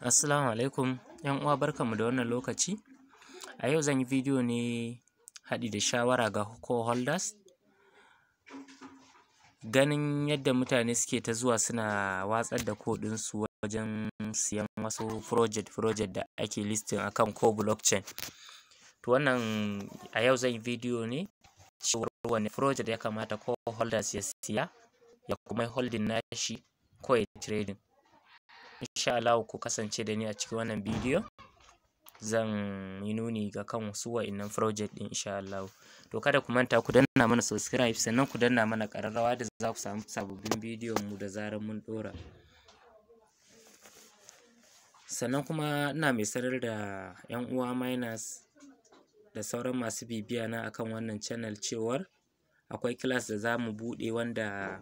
Assalamu alaikum ‘yan uwa barkanmu da wannan lokaci a yau zan yi bidiyo ne haɗi da shawara ga ko holders ganin yadda mutane suke ta zuwa suna watsar da kuɗinsu wajen siyan wasu project project da ake listing akan ko blockchain to wannan a yau zan yi bidiyo ne cewar wani project ya kamata ko holders ya siya ya kuma yi holding nashi ko ya trading insha Allah ku kasance da ni a cikin wannan bidiyo zan yi nuni ga kan su wa'innan project din insha Allah to kada ku manta ku danna mana subscribe sannan ku danna mana ƙararrawa da za ku samu sababbin bidiyon mu da zarar mun ɗora sannan kuma ina mai sanar da 'yan uwa minus da sauran masu bibiya na akan wannan channel cewar akwai class da za mu buɗe wanda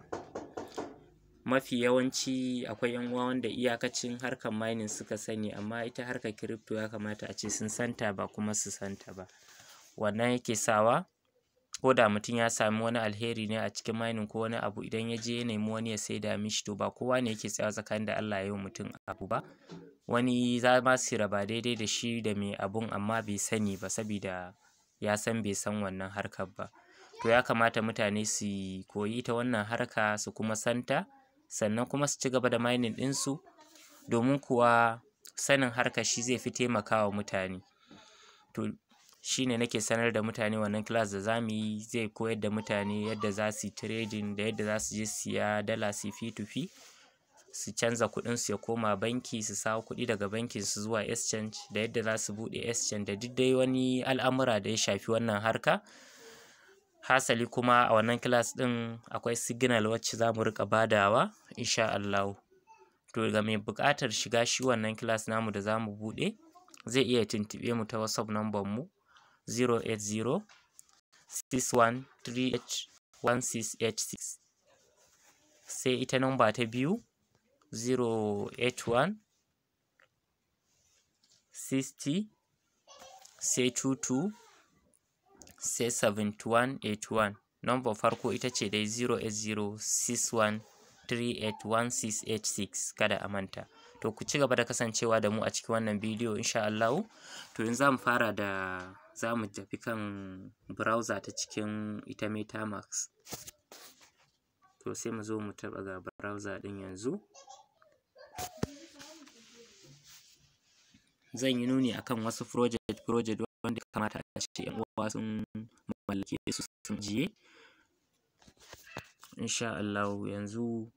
mafi yawanci akwai yan uwa wanda iyakacin harkar mining suka sani amma ita harkar crypto ya kamata a ce sun santa ba kuma su santa ba wannan yake sawa ko da mutum ya sami wani alheri ne a cikin mining ko wani abu idan ya je ya nemi wani ya saida mishi to ba kowa ne yake tsayawa tsakanin da Allah ya yi mutum abu ba wani za ma su raba daidai da shi da mai abun amma bai sani ba sabida ya san bai san wannan harkar ba to ya kamata mutane su koyi ita wannan harka su kuma santa sannan kuma su ci gaba da mining ɗinsu domin kuwa sanin harka shi zai fi taimakawa mutane to shi ne nake sanar da mutane wannan class da zamu yi zai koyar da mutane yadda za su trading da yadda za su je siya dala su fi to fi su canza kuɗin su ya koma banki su sawo kuɗi daga bankin su zuwa exchange da yadda za su buɗe exchange da duk dai wani al'amura da ya shafi wannan harka hasali kuma a wannan class ɗin akwai signal wacce za mu riƙa badawa insha Allahu to ga mai buƙatar shiga shi wannan class namu da za mu buɗe zai iya tuntuɓe mu ta whatsapp number mu 08061381686 sai ita number ta biyu 081 60 22 sai 7181 number farko ita ce dai 0806138166 kada a manta to ku ci gaba da kasancewa da mu a cikin wannan bidiyo insha Allah to yanzu zamu fara da zamu tafi kan browser ta cikin ita MetaMask to sai mu zo mu taba ga browser ɗin yanzu zan yi nuni akan wasu project project wanda ya kamata a ce yan uwa sun mallake su sun jiye insha Allah yanzu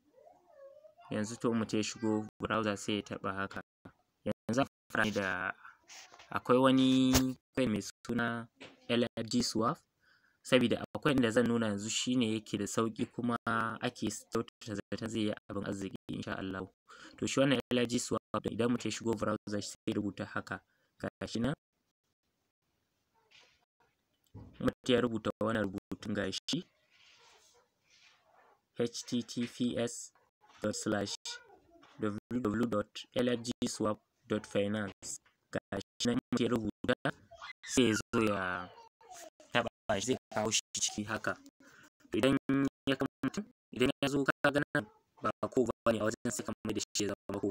yanzu to mu ya shigo browser sai ya taɓa haka yanzu fara da akwai wani kai mai suna LRG swap sabida akwai inda zan nuna yanzu shine yake da sauki kuma ake kyautata zaton zai yi abin arziki insha Allah to shi wannan LRG swap idan mu ya shigo browser sai rubuta haka gashi nan Mati ya rubuta wannan rubutun gashi https www.lrgswap.finance gashi nan Mati ya rubuta sai ya zo ya taɓa shi zai kawo shi ciki haka. Idan ya kama idan ya zo ka ga nan ba ko ba ne a wajen sai ka mai da shi ya zama ko.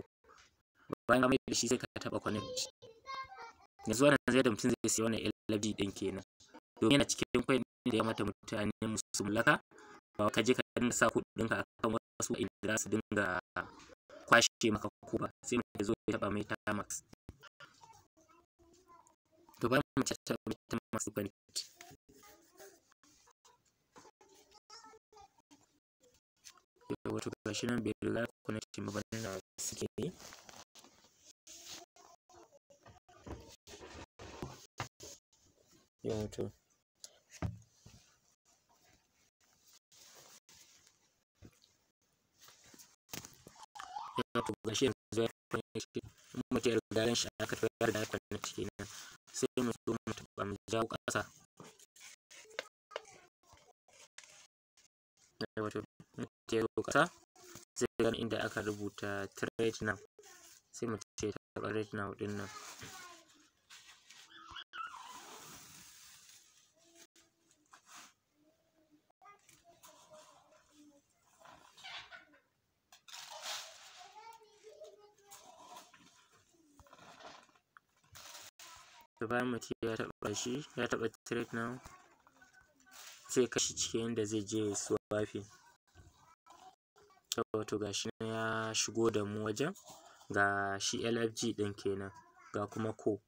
Bayan ka mai da shi sai ka taɓa connect. Yanzu wannan zai da mutum zai sayi wannan LRG ɗin kenan. domin yana cikin kwai da ya mata mutane su mallaka ba ka je ka dinga sa ka akan wasu inda za su dinga kwashe maka ko ba sai mu zo ya taba mai tamax to ba mu tattauna mai tamax bank wato gashi nan bai riga connection ba bane na suke ne yeah too daren shi aka tayar da ciki na sai mu zo mu taba mu jawo ƙasa eh, wato muke zo ƙasa zai gani inda aka rubuta trade now sai mu ce ta trade na ɗin nan to bayan mutum ya taɓa shi ya taɓa trade now zai kashi cikin yadda zai je ya ta wato ga shi nan ya shigo da mu wajen ga shi LFG ɗin kenan ga kuma ko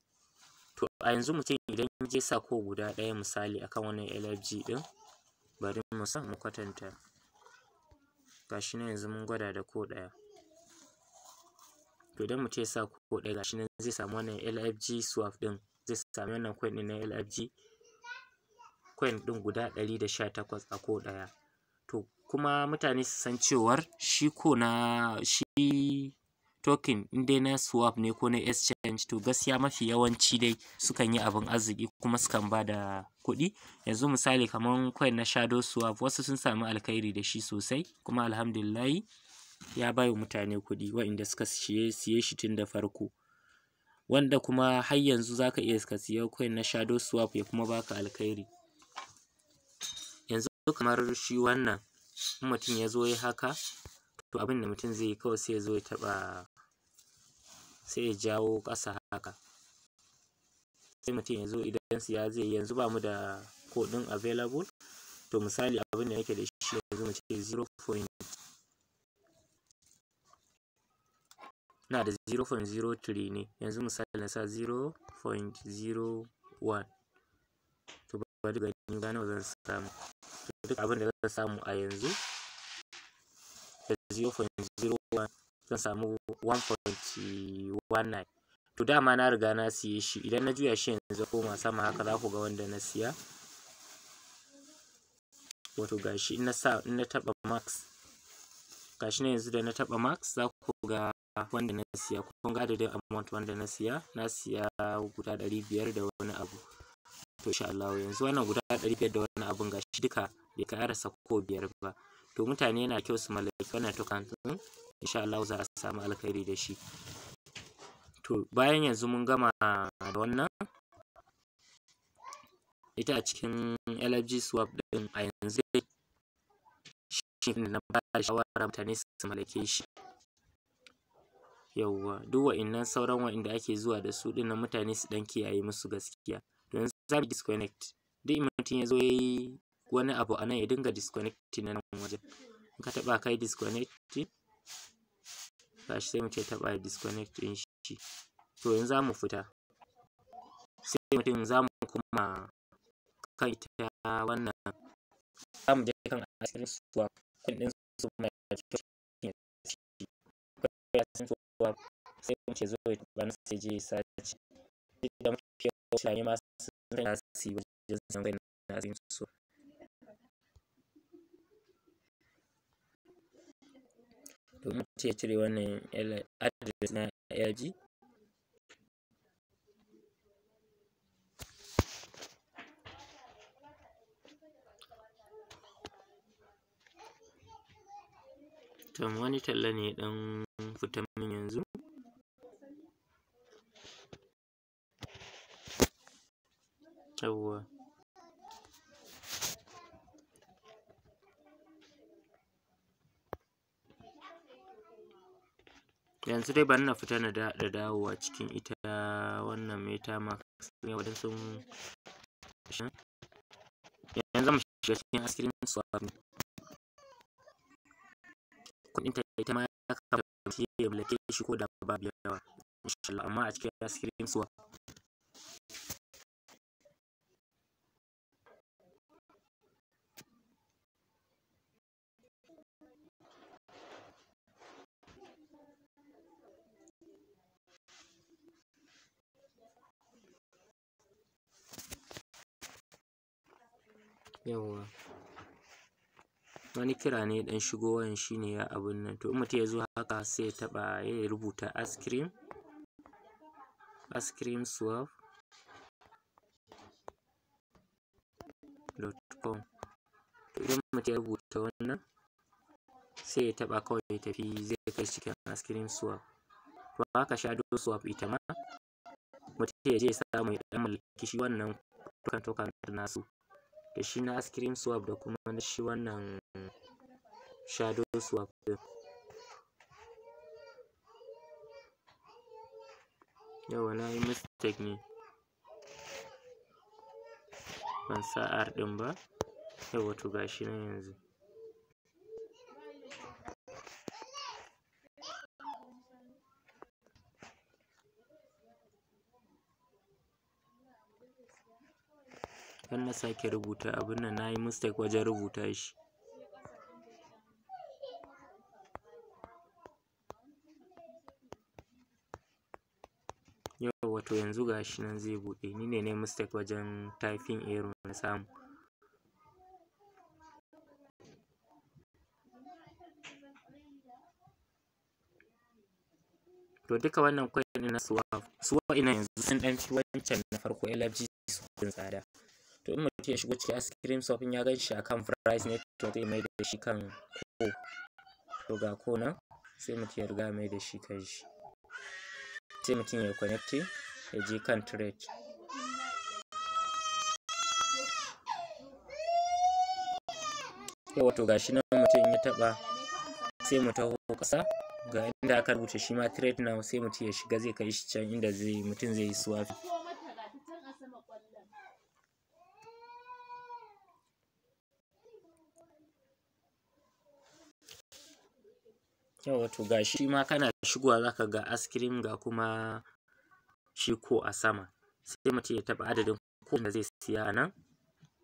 to a yanzu mutum idan ya je sa ko guda ɗaya misali akan wannan LFG ɗin bari mu san mu kwatanta ga shi na yanzu mun gwada da ko ɗaya to idan mutum ya sa ko ɗaya ga shi nan zai samu wannan LFG swap ɗin zai sami wannan coin ɗin na LFG coin ɗin guda ɗari da sha takwas a ko ɗaya to kuma mutane su san cewar shi ko na shi token in dai na swap ne ko na exchange to gaskiya mafi yawanci dai sukan yi abin arziki kuma sukan ba da kuɗi yanzu misali kamar coin na shadow swap wasu sun sami alkhairi da shi sosai kuma alhamdulillahi ya bai wa mutane kuɗi wa'inda suka siye shi tun da farko wanda kuma har yanzu za ka iya ka siya coin na shadow swap ya kuma baka alkhairi yanzu kamar shi wannan in mutum ya zo ya haka to abin da mutum zai yi kawai sai ya zo ya taba sai ya jawo ƙasa haka sai mutum ya zo idan siya zai yanzu ba mu da koɗin available to misali abin da nake da shi yanzu mu ce 0.2 na da 0.03 ne yanzu misali na sa 0.01 to bari gani ga nawa zan samu to duk abin da zan samu a yanzu da 0.01 zan samu 1.19 to dama na riga na siye shi idan na juya shi yanzu koma sama haka za ku ga wanda na siya wato gashi in na sa in na taɓa max gashi ne yanzu da na taɓa max za ku ga wanda na siya kun ga adadin amount wanda na siya na siya guda ɗari biyar da wani abu to insha Allah yanzu wannan guda ɗari biyar da wani abun gashi duka bai karasa ko biyar ba to mutane yana kyau su mallaki wannan token din insha Allah za a samu alkhairi da shi to bayan yanzu mun gama da wannan ita a cikin LFG swap din a yanzu shi ne na ba shawara mutane su mallake shi yawwa duk wa'innan sauran wa'inda ake zuwa da su dinnan mutane su dan kiyaye musu gaskiya don za mu disconnect duk in mutum ya zo ya yi wani abu a nan ya dinga disconnecting na nan wajen in ka taɓa kai yi disconnecting shi sai mu ce taɓa disconnect ɗin shi to yanzu za mu fita sai mutum za mu kuma kan ita wannan za mu je kan asirin suwa kun ɗin su mai cikin zuwa sai mutum zo ya ba na sai je sace da mafi yawan mutane ma sun san su yi wajen san kai na sun so domin mutum ya cire wannan adres na LG Tom wani talla ne ya ɗan fita min yanzu. Yawwa. Yanzu dai bari na fita na da dawowa cikin ita wannan MetaMask ɗin waɗansu Yanzu za mu shiga cikin ice cream swap ne. kuɗin ta ita ma ya kamata shi ya mallake shi ko da babu yawa insha Allah amma a cikin ice suwa yawwa wani kira ne ɗan shigo wayan shine ya abun nan to in mutum ya zo haka sai ya taɓa ya rubuta ice cream ice cream swap dot com to idan mutum ya rubuta wannan sai ya taɓa kawai ya tafi zai kai cikin ice cream swap to haka shadow swap ita ma mutum ya je ya samu ya ɗan mallaki shi wannan tukan tukan nasu da shi na ice cream swap da kuma na shi wannan shadow din. yawa na yi mistake ne ban sa r ɗin ba yawa to gashi na yanzu dan na sake rubuta abin nan na yi mistake wajen rubuta shi wato yanzu ga shi nan zai buɗe ni ne na mistake wajen typing error na samu to duka wannan coin na swap swap ina yanzu sun ɗan fi wancan na farko LFG sun tsada to in mutum ya shigo cikin ice cream shop ya gan shi akan price ne to zai mai da shi kan ko to ga ko nan sai mutum ya riga mai da shi kan shi sai mutum ya connecting ya je kan trade yawa to shi nan mutum ya taba sai mu taho ƙasa ga inda aka rubuta shi ma trade now sai mutum ya shiga zai kai shi can inda mutum zai yi suwafi. Yauwa to ga shi ma kana shigowa zaka ga askirim ga kuma shi ko a sama. Sai mutum ya taɓa adadin ko da zai siya a nan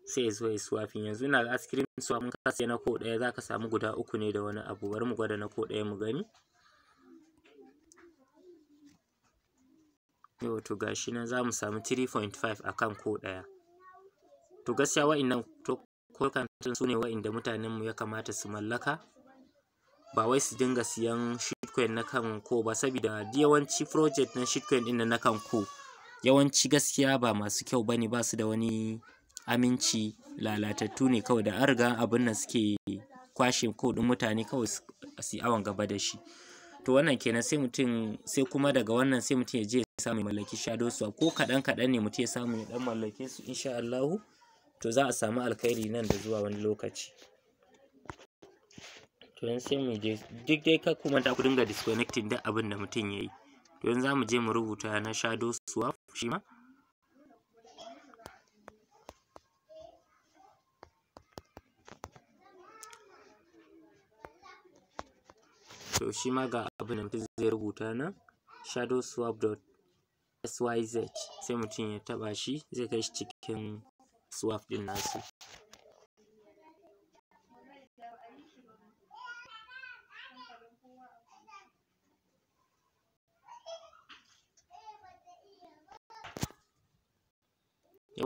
sai ya zo ya swafi yanzu na askirim su amma ka siya na ko ɗaya za ka samu guda uku ne da wani abu bari mu gwada na ko ɗaya mu gani. Yauwa to ga shi nan za mu samu 3.5 a kan ko ɗaya. To gaskiya wa'innan to ko kantin su ne wa'inda mutanenmu ya kamata su mallaka. ba wai su dinga siyan shitcoin na kan ko ba saboda yawanci project na shitcoin din na kan ko yawanci gaskiya ba masu kyau bane ba su da wani aminci lalatattu ne kawai da an abin nan suke kwashe kuɗin mutane kawai su awon gaba da shi to wannan kenan sai mutum sai kuma daga wannan sai mutum ya je ya samu mallaki shadow swap ko kaɗan kaɗan ne mutum ya samu ya ɗan mallake su insha Allah to za a samu alkhairi nan da zuwa wani lokaci to yanzu sai mu je duk dai ka kuma da ku dinga disconnecting duk abin da mutum ya yi to yanzu za mu je mu rubuta na shadow swap shi ma to shi ma ga abin da mutum zai rubuta na shadow swap dot syz sai mutum ya taɓa shi zai kai shi cikin swap ɗin nasu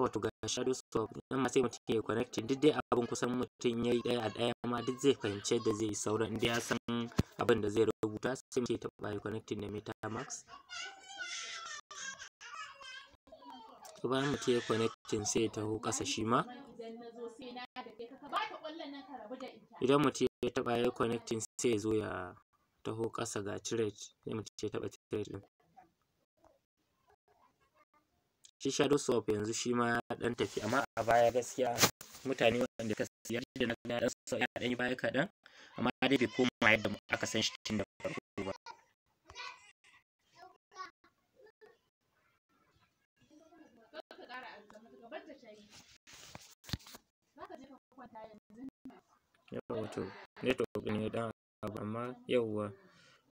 wato ga shadow swap in ma sai mutum ya connect duk dai abin kusan mutum ya yi ɗaya a daya ma duk zai fahimce da zai saura sauran inda ya san abin da zai rubuta sai mutum ya taɓa ya connecting da metamax to bayan mutum ya connecting sai ya taho kasa shi ma idan mutum ya taba ya connecting sai ya zo ya taho kasa ga trade sai mutum ya taba trade din shi shadow swap yanzu shi ma dan tafi amma a baya gaskiya mutane wanda ka siya da na ga dan sau ya yi baya kaɗan amma dai bai koma yadda aka san shi tun da farko ba yawa to network ne dan amma yawa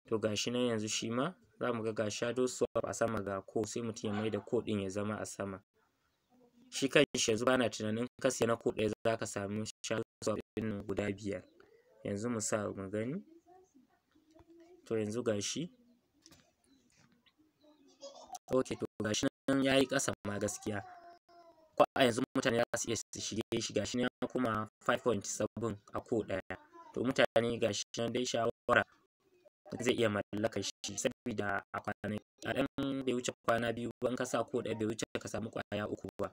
to gashi nan yanzu shi ma za mu ga ga shadow swap a sama ga ko sai mutum ya mai da ko ya zama a sama shi kan shi yanzu bana tunanin ka na ko ɗaya za ka samu shadow swap din nan guda biyar yanzu mu sa mu gani to yanzu gashi. okay ok to gashi nan ya yi ma gaskiya ko a yanzu mutane za su iya su shige shi gashi shi nan kuma 5.7 a ko ɗaya to mutane gashi nan dai shawara zai iya mallakar shi saboda a kwanan a ɗan bai wuce kwana biyu ba ka sa ko ɗaya bai wuce ka samu kwaya uku ba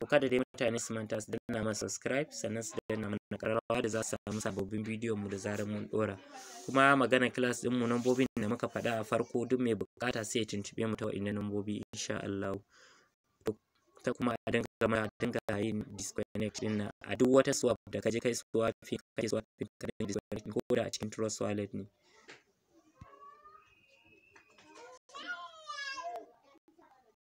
to kada dai mutane su manta su danna mana subscribe sannan su danna mana ƙararrawa da za su samu sababbin bidiyo mu da zarar mun ɗora kuma magana class din mu nambobin da muka faɗa a farko duk mai buƙata sai ya tuntube mu ta wa'innan nambobi insha Allah ta kuma a dinga gama a dinga yin disconnect din a duk wata swap da kaje kai swap kai swap ka dinga disconnect ko da a cikin trust wallet ne